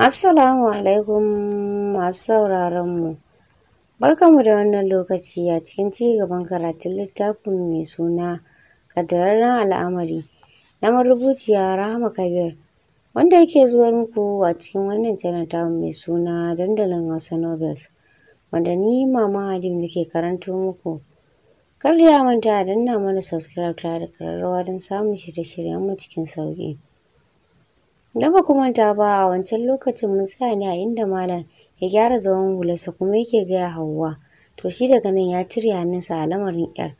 Assalamu alaikum masu sauraronmu. Barkanmu da wannan lokaci a cikin ci gaban karatun littafin mai suna Ƙaddararren Al'amari na marubuciya Rahama Kabir wanda yake zuwa muku a cikin wannan channel tamu mai suna Dandalin Hausa Novels wanda ni Mama halim nake karanto muku. Kar da ya manta danna mana subscribe tare da ƙararrawa don samun shirye-shiryenmu cikin sauƙi. Na ba ku ba a wancan lokacin mun tsaya ne a inda malam ya gyara zaman hularsa kuma yake gaya Hauwa. To shi daga nan ya cire hannunsa a lamarin ‘yar.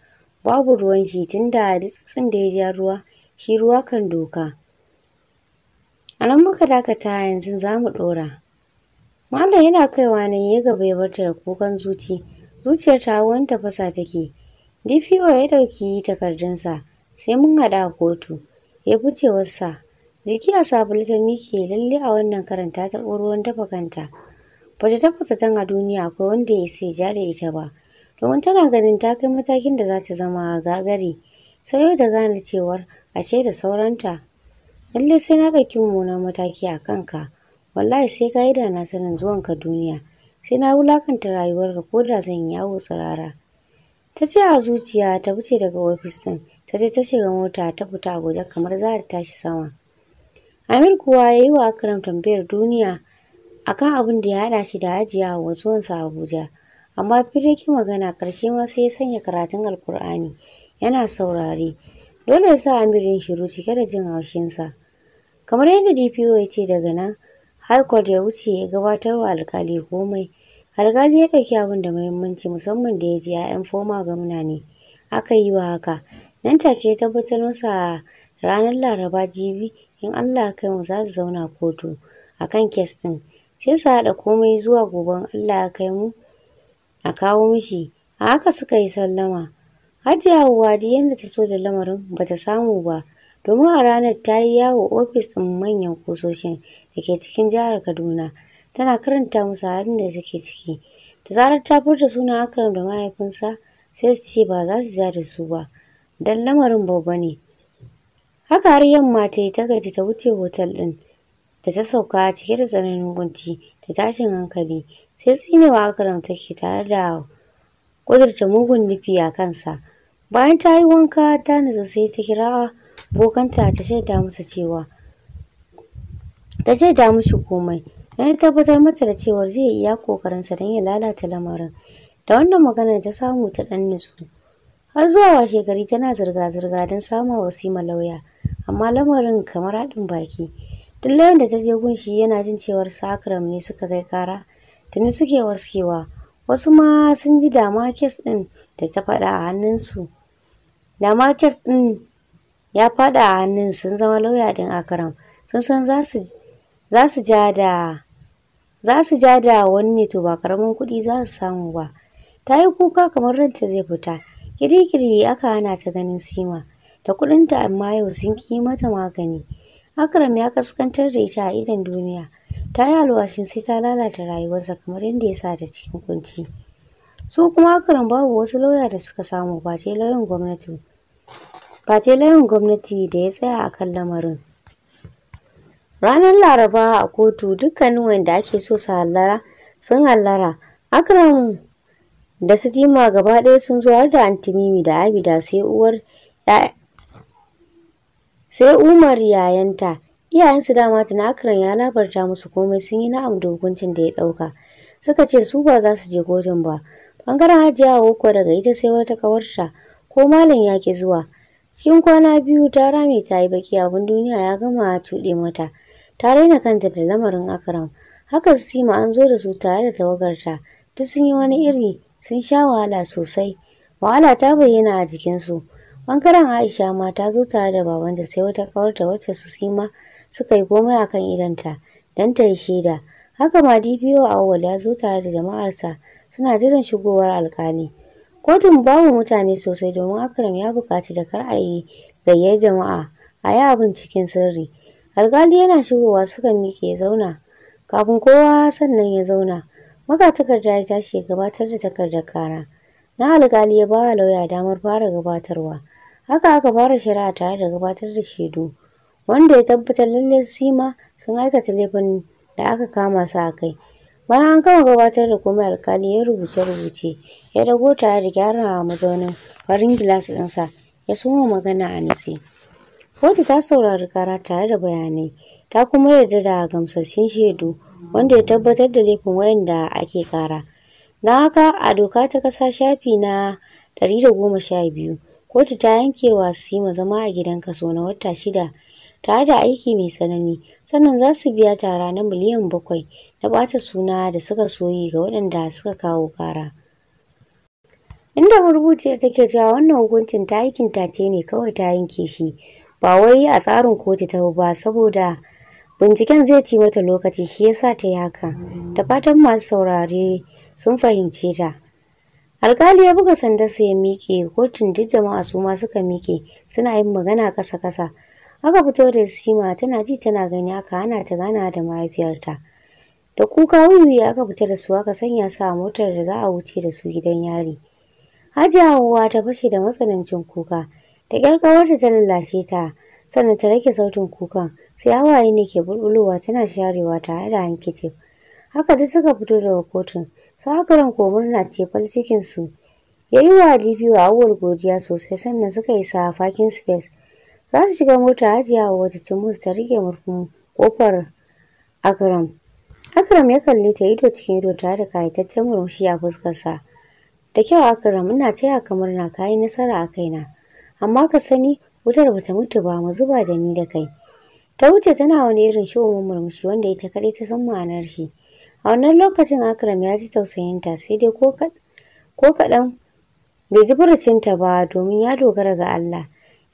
Babu ruwan shi tun da dutsen da ya ja ruwa, shi ruwa kan doka. A nan muka dakata yanzu za mu ɗora. Malam yana kaiwa nan ya gaba ya barta da kukan zuci. Zuciyar ta wani tafasa take. DPO ya ɗauki takardunsa sai mun haɗa a kotu. Ya fice wasa. Jiki a sabulu ta miƙe lalle a wannan karanta ta taɓo ruwan dafa kanta. Ba ta taɓa zaton a duniya akwai wanda ya sai ja da ita ba. Domin tana ganin ta kai matakin da za ta zama a gagari. Sai yau ta gane cewar a ce da sauranta. Lalle sai na ɗauki mummunan mataki a kanka. Wallahi sai ka yi da na sanin zuwanka duniya. Sai na wulakanta rayuwarka ko da zan yawo tsirara. Ta ce a zuciya ta wuce daga ofis ɗin. Ta je ta shiga mota ta fita a guje kamar za ta tashi sama. Amir kuwa ya yi wa Akram tambayar duniya akan abin da ya haɗa shi da ajiya a Abuja. Amma firiki magana ƙarshe ma sai ya sanya karatun Alƙur'ani yana saurare. Dole ya sa Amir yin shiru cike da jin haushinsa. Kamar yadda DPO ya ce daga nan, High Court ya wuce ya gabatar wa alkali komai. Alkali ya ɗauki abin da muhimmanci musamman da ya ji 'ya'yan foma gamna ne. Aka yi wa haka. Nan take ya tabbatar masa ranar Laraba jibi in Allah ya kai mu za su zauna kotu a kan kes ɗin sai su haɗa komai zuwa gobe Allah ya kai mu a kawo mishi a haka suka yi sallama Hajiya Hauwa duk yadda ta so da lamarin ba ta samu ba domin a ranar ta yi yawo ofis ɗin manyan kusoshin da ke cikin jihar Kaduna tana karanta musu halin da take ciki da zarar ta furta suna Akram da mahaifinsa sai su ce ba za su ja da su ba Dan lamarin babba ne Haka har yamma ta yi ta gaji ta wuce hotel ɗin da ta sauka cike da tsananin gunci da tashin hankali sai tsinewa Akram take tare da ƙudurta mugun nufi a kansa. Bayan ta yi wanka ta nutsu sai ta kira bokanta ta shaida masa cewa ta shaida mishi komai yi tabbatar mata da cewar zai iya ƙoƙarinsa don ya lalata lamarin. Da wannan maganar ta samu ta ɗan nutsu. har zuwa wa shekari tana zirga-zirga don samun wasima lauya amma lamarin kamar haɗin baki duk layin da ta je gunshi yana jin cewar sakram ne suka kai kara tuni suke waskewa wasu ma sun ji dama kes ɗin da ta faɗa a hannunsu dama kes ɗin ya faɗa a hannun sun zama lauya ɗin akram sun san za su ja da wani ne to ba karamin kuɗi za su samu ba ta yi kuka kamar ranta zai fita Kirikiri aka hana ta ganin Sima da kuɗinta amma yau sun ƙi mata magani. Akram ya kaskantar da ita a idon duniya. Ta yi alwashin sai ta lalata rayuwarsa kamar yadda ya sa ta cikin kunci. Su kuma Akram babu wasu lauya da suka samu face lauyan gwamnati. Face lauyan gwamnati da ya tsaya a kan lamarin. Ranar Laraba a kotu dukkanin wanda ake so su hallara sun hallara. Akram da su jima gaba ɗaya sun zo har da antimimi da abida sai uwar sai umar yayanta iyayensu dama tana akiran ya labarta musu komai sun yi na'am da hukuncin da ya ɗauka suka ce su ba za su je kotun ba bangaren hajiya kuwa daga ita sai wata ƙawarta. ko malam ya ke zuwa cikin kwana biyu ta rame ta yi baki abin duniya ya gama tuɗe mata ta raina kanta da lamarin akram haka su sima an zo da su tare da tawagarta duk sun yi wani iri sun sha wahala sosai wahala ta bayyana a jikinsu bangaren aisha ma ta zo tare da babanta sai wata kawarta wacce su sima suka yi komai a kan idanta don ta yi shaida haka ma dpo awwal ya zo tare da jama'arsa suna jiran shigowar alkali kotun babu mutane sosai domin akram ya bukaci da kar a yi gayyar jama'a a yi abin cikin sirri alkali yana shigowa suka miƙe ya zauna kafin kowa sannan ya zauna magatakarda ya tashi ya gabatar da takardar kara na alkali ya ba lauya damar fara gabatarwa haka aka fara shari'a tare da gabatar da shaidu wanda ya tabbatar lalle sima sun aikata laifin da aka kama su a kai bayan an kama gabatar da kuma alkali ya rubuce rubuce ya dago tare da gyara mazaunin farin gilas ɗinsa ya soma magana a nutse kotu ta saurari kara tare da bayanai ta kuma yarda da gamsassun shaidu wanda ya tabbatar da laifin wayanda ake kara. Na haka a doka ta kasa shafi na biyu, kotu ta yanke wa Sima zama a gidan kaso na wata shida tare da aiki mai tsanani sannan za su biya tara na miliyan bakwai na ɓata suna da suka soyi ga waɗanda suka kawo kara. Inda marubuciya take cewa wannan hukuncin ta aikin tace ne kawai ta yanke shi ba wai a tsarin kotu ta ba saboda Binciken zai ci mata lokaci shi yasa ta yi haka. Da fatan masu saurare sun fahimce ta. Alkali ya buga su ya miƙe, kotun duk jama'a su ma suka miƙe, suna yin magana ƙasa-ƙasa. Aka fito da Sima tana ji tana gani aka hana ta gana da mahaifiyarta. Da kuka wuyu aka fita da su aka sanya su a motar da za a wuce da su gidan yari. Hajiya Hauwa ta fashe da matsanancin kuka, da kawar da ta lalace ta, sannan ta rage sautin kukan sai hawaye ne ke bulbulowa tana sharewa tare da hankice haka duk suka fito daga kotun ran ko murna ce fal cikin su yayi wa Alifi wa awwal godiya sosai sannan suka isa fakin space za su shiga mota hajiya wa wata musu ta rike murfin kofar akram akram ya kalli ta ido cikin ido tare da kayataccen murmushi a fuskarsa da kyau akram ina taya kamar na kayi nasara a kaina amma ka sani wutar bata mutu ba mu zuba da ni da kai ta wuce tana wani irin shi'umin murmushi wanda ita kadai ta san ma'anar shi a wannan lokacin akram ya ji ta sai dai ko kaɗan bai ji ta ba domin ya dogara ga allah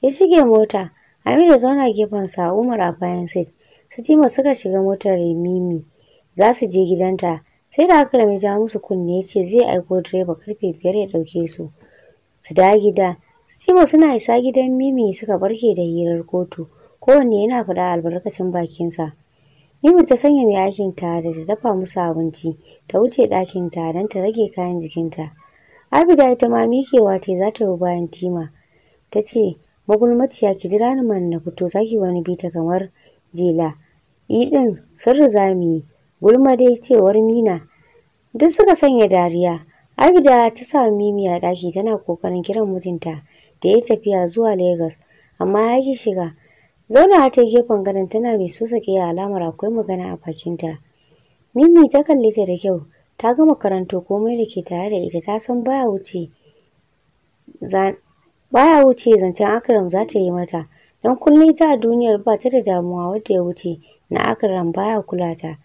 ya shige mota amira zauna gefen sa umar a bayan sit sitima suka shiga motar mimi za su je gidanta sai da akram ya ja musu kunne ya ce zai aiko direba karfe biyar ya ɗauke su su da gida Simo suna isa gidan Mimi suka barke da hirar kotu, kowanne yana faɗa albarkacin bakinsa. Mimi ta sanya mai aikin ta da ta dafa musu abinci, ta wuce ɗakin ta don ta rage kayan jikinta. Abida ita ma mikewa ta za ta bayan Tima. Ta ce, magulmaciya ki jira ni man na fito zaki wani bi ta kamar jela. Yi ɗin sirri za mu yi, gulma dai cewar Mina. Duk suka sanya dariya, Abida ta sami Mimi a ɗaki tana kokarin kiran mijinta da ya tafiya zuwa Legas, amma ya ki shiga. Zauna ta gefen gadon tana mai sosa ke alamar akwai magana a bakinta. Mimi ta kalle ta da kyau ta gama karanto komai da ke tare da ita ta san baya wuce baya wuce zancen Akram za ta yi mata don kullum ta a duniyar ba ta da damuwa wadda ya wuce na Akram baya kula ta.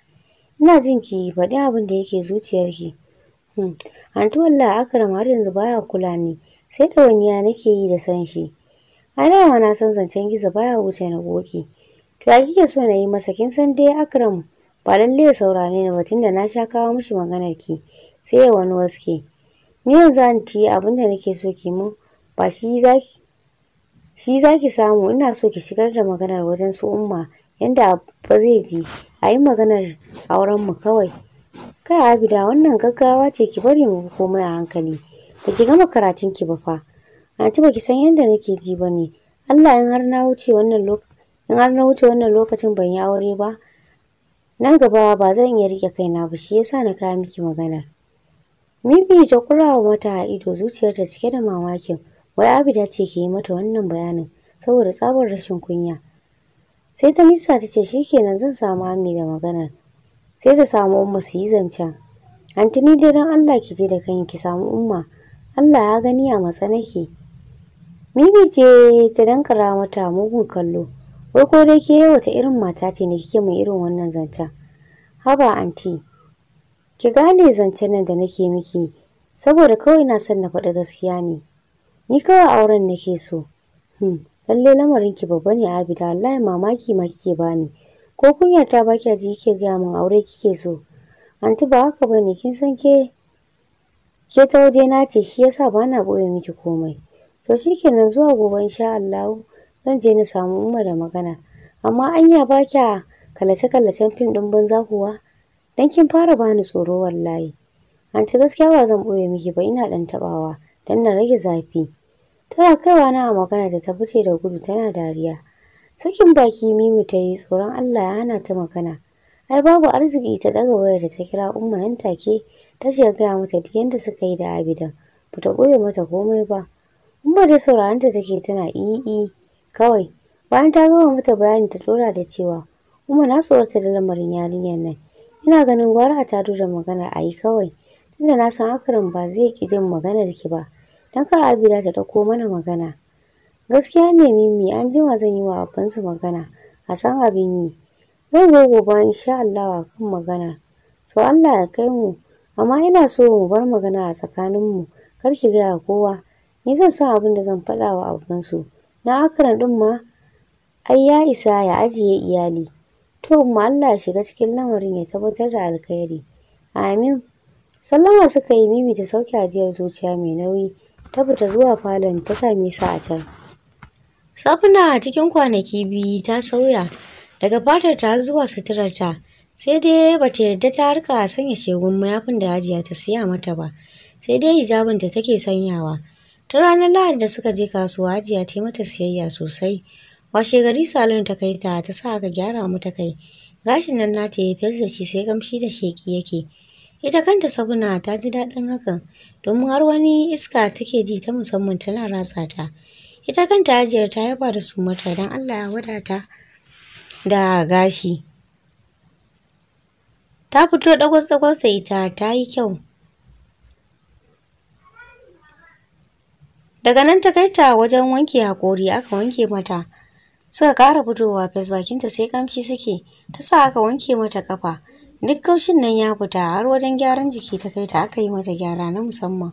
Ina jin ki faɗi abin da yake zuciyarki. Hmm. Anti wallah Akram har yanzu baya kula ni. Sai da wanya nake yi da san shi. Ana dama na san zancen gizo baya wuce na goke To ya kike so na yi masa kin san dai Akram ba lalle ya saurare ni ba tunda na sha kawo mishi maganar ki. Sai ya wani waske. Ni yanzu anti abin da nake so ki mun ba shi zaki shi zaki samu ina so ki shigar da maganar wajen su umma yanda ba zai ji a yi maganar auren mu kawai Kai Abida wannan gaggawa ce ki bari mu komai a hankali. Baki gama karatun ki ba fa. Anti ba baki san yadda nake ji ba ne. Allah in har na wuce wannan lokacin in har na wuce wannan lokacin ban yi aure ba. Nan gaba ba zan iya rike kaina ba shi yasa na kawo miki magana. Mimi ta kurawa mata a ido zuciyarta cike da mamakin. Wai Abida ce ke yi mata wannan bayanin saboda tsabar rashin kunya. Sai ta nisa ta ce shikenan zan samu Ami da maganar. sai ta samu umma su yi zancen antini dai don allah ki je da kanki ki samu umma allah ya gani a matsa nake mimi ce ta dankara mata mugun kallo wai ko dai ke wata irin mata ce ne kike mai irin wannan zancen haba anti ki gane zancen nan da nake miki saboda kawai na son na faɗi gaskiya ne ni kawai auren nake so hmm, Lallai lamarin ki babba ne abida wallahi mamaki ma kike bani ko kunya ta baki a ji ke gaya min aure kike so anti ba haka bane kin san ke ke ta waje na ce shi yasa ba na boye miki komai to shikenan zuwa gobe insha Allah zan je na samu umma da magana amma anya ba kya kallace kallacen fim din banza kuwa dan kin fara bani tsoro wallahi anti gaskiya ba zan boye miki ba ina dan tabawa dan na rage zafi tana kaiwa na magana da ta fice da gudu tana dariya Sakin baki Mimi ta yi tsoron Allah ya hana ta magana. Ai babu arziki ta daga wayar da ta kira Umma nan take ta ce gaya mata duk yanda suka yi da Abidan. Ba ta goye mata komai ba. Umma da sauraron ta take tana i'i kawai. Bayan ta gama mata bayani ta dora da cewa Umma na tsorata da lamarin yarinyar nan. Ina ganin gwara a dora da a yi kawai. Tunda na san Akram ba zai ki jin maganar ki ba. Dan kar Abida ta dauko mana magana. Gaskiya ne Mimi, an jima zan yi wa abbansu magana, a san abin yi. Zan zo gobe insha Allah a kan magana. To Allah ya kai mu, amma ina so mu bar magana a tsakanin mu kar ki gaya kowa. Ni zan sa abin da zan faɗa wa abbansu. Na akaran ɗin ma, ai ya isa ya ajiye iyali. To mu Allah ya shiga cikin lamarin ya tabbatar da alkhairi. Amin. Sallama suka yi Mimi ta sauke ajiyar zuciya mai nauyi, ta fita zuwa falon ta same su a can. Safuna a cikin kwanaki biyu ta sauya daga fatar ta zuwa suturarta sai dai bata yarda ta rika sanya shegun mayafin da hajiya ta siya mata ba sai dai hijabin ta take sanyawa. Ta ranar Lahadi da suka je kasuwa hajiya ta yi mata siyayya sosai. Washe gari salon ta kai ta ta sa aka gyara mata kai. Gashin nan nata ya fes da shi sai gamshi da sheki yake. Ita kanta sabuna ta ji daɗin hakan domin har wani iska take ji ta musamman tana ratsa ta. ita kanta ajiyar ta yaba da su mata don allah ya ta da gashi ta fito dagwas-dagwasa ita ta yi kyau daga nan ta kai ta wajen wanke hakori aka wanke mata suka ƙara fitowa fes bakinta sai kamshi suke ta sa aka wanke mata kafa duk kaushin nan ya fita har wajen gyaran jiki ta kai ta aka yi mata gyara na musamman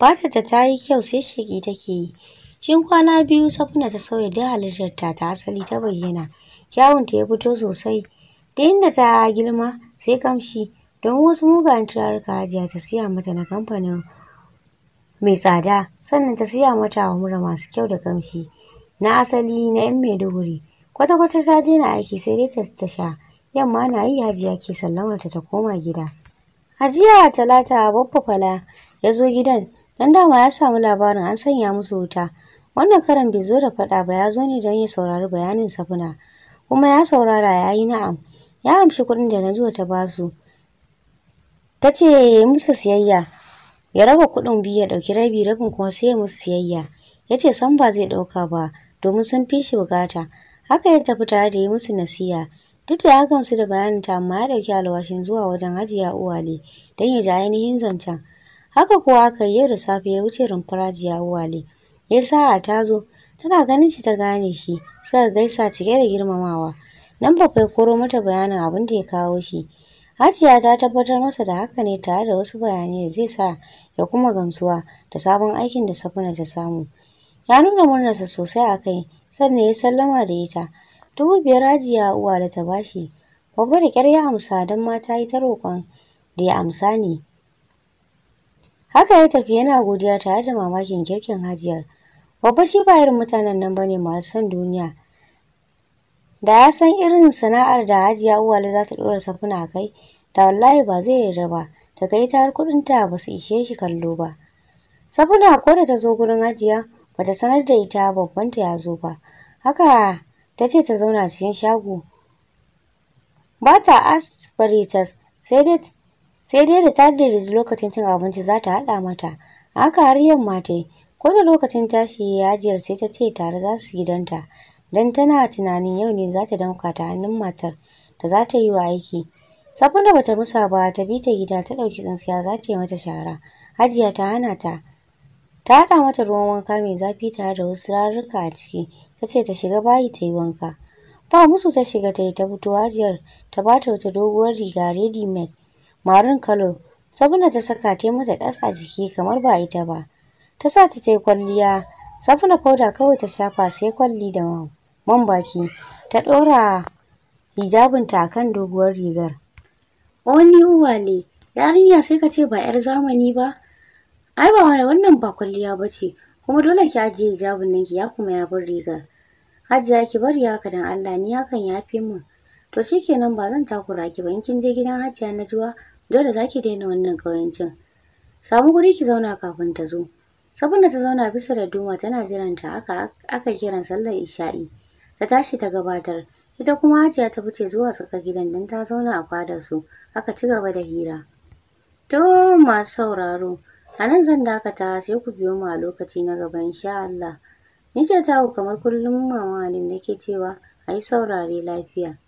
bata ta ta yi kyau sai sheki take yi Cikin kwana biyu Safina ta sauya duk halittarta ta asali ta bayyana. Kyawunta ya fito sosai. Da inda ta girma sai kamshi don wasu mugayen turaruka hajiya ta siya mata na kamfanin mai tsada sannan ta siya mata wa mura masu kyau da kamshi na asali na 'yan Maiduguri. Kwata-kwata ta daina aiki sai dai ta sha. Yamma na yi hajiya ke sallamar ta ta koma gida. Hajiya Talata babba Fala ya zo gidan dan dama ya samu labarin an sanya musu wuta wannan karan bai zo da faɗa ba ya zo ne don ya saurari bayanin safuna kuma ya saurara ya yi na'am ya amshi kuɗin da na najuwa ta basu ta ce ya yi musu siyayya ya raba kuɗin biyu ya ɗauki rabi rabin kuma sai ya musu siyayya ya ce san ba zai ɗauka ba domin sun fi shi bukata haka ya tafi tare da yi musu nasiya duk da ya gamsu da bayaninta amma ya ɗauki alwashin zuwa wajen hajiya uwale don ya ji ainihin zancen Haka kuwa aka yi da safe ya wuce rumfar jiya wale Ya sa'a ta zo, tana ganin shi ta gane shi, suka gaisa cike da girmamawa. Nan ba kai koro mata bayanin abin da ya kawo shi. Hajiya ta tabbatar masa da haka ne tare da wasu bayanai da zai sa ya kuma gamsuwa da sabon aikin da Safuna ta samu. Ya nuna murnarsa sosai a kai, sannan ya sallama da ita. Dubu biyar Hajiya uwa da ta bashi. Babba da ƙyar ya amsa don mata yi ta roƙon da ya amsa ne. Haka ya tafi yana godiya tare da mamakin kirkin hajiyar. Babba shi ba irin mutanen nan bane masu san duniya. Da ya san irin sana'ar da hajiya uwale za ta ɗora safuna a kai, da wallahi ba zai yarda ba, daga ita har kuɗinta ba su ishe shi kallo ba. Safuna ko da ta zo gurin hajiya, ba ta sanar da ita babbanta ya zo ba. Haka ta ce ta zauna cikin shago. Ba ta aspiritus sai dai sai dai da ta da lokacin cin abinci za ta haɗa mata A haka har yamma ta yi ko da lokacin tashi ya ajiyar sai ta ce tare za su gidanta don tana tunanin yau ne za ta damka ta hannun matar da za ta yi wa aiki sabon da bata musa ba ta bi ta gida ta ɗauki tsinsiya za ta yi mata shara hajiya ta hana ta ta haɗa mata ruwan wanka mai zafi tare da wasu rarruka a ciki ta ce ta shiga bayi ta yi wanka ba musu ta shiga ta yi ta fito hajiyar ta bata wata doguwar riga ready made marin kalo, Sabina ta saka ta mata ɗas jiki kamar ba ita ba. Ta sa ta ta kwalliya, Sabina fauda kawai ta shafa sai kwalli da man baki. Ta ɗora hijabinta a kan doguwar rigar. Wani uwa ne, yarinya sai ka ce ba 'yar zamani ba? Ai ba wani wannan ba kwalliya ba ce, kuma dole ki ajiye hijabin nan ki ya kuma ya bar rigar. Hajiya ki bari haka don Allah ni hakan ya fi min. to shikenan ba zan takura ki ba in kin je gidan Hajiya Najwa dole za ki daina wannan ƙauyencin. Samu guri ki zauna kafin ta zo. Saboda ta zauna bisa da duma tana jiranta aka aka kiran sallar isha'i. Ta tashi ta gabatar. Ita kuma Hajiya ta fice zuwa tsaka gidan don ta zauna a fadar su. Aka ci gaba da hira. To masu sauraro, a nan zan dakata sai ku biyo mu a lokaci na gaba insha Allah. Ni ce taku kamar kullum Mama Halim nake cewa a yi saurare lafiya.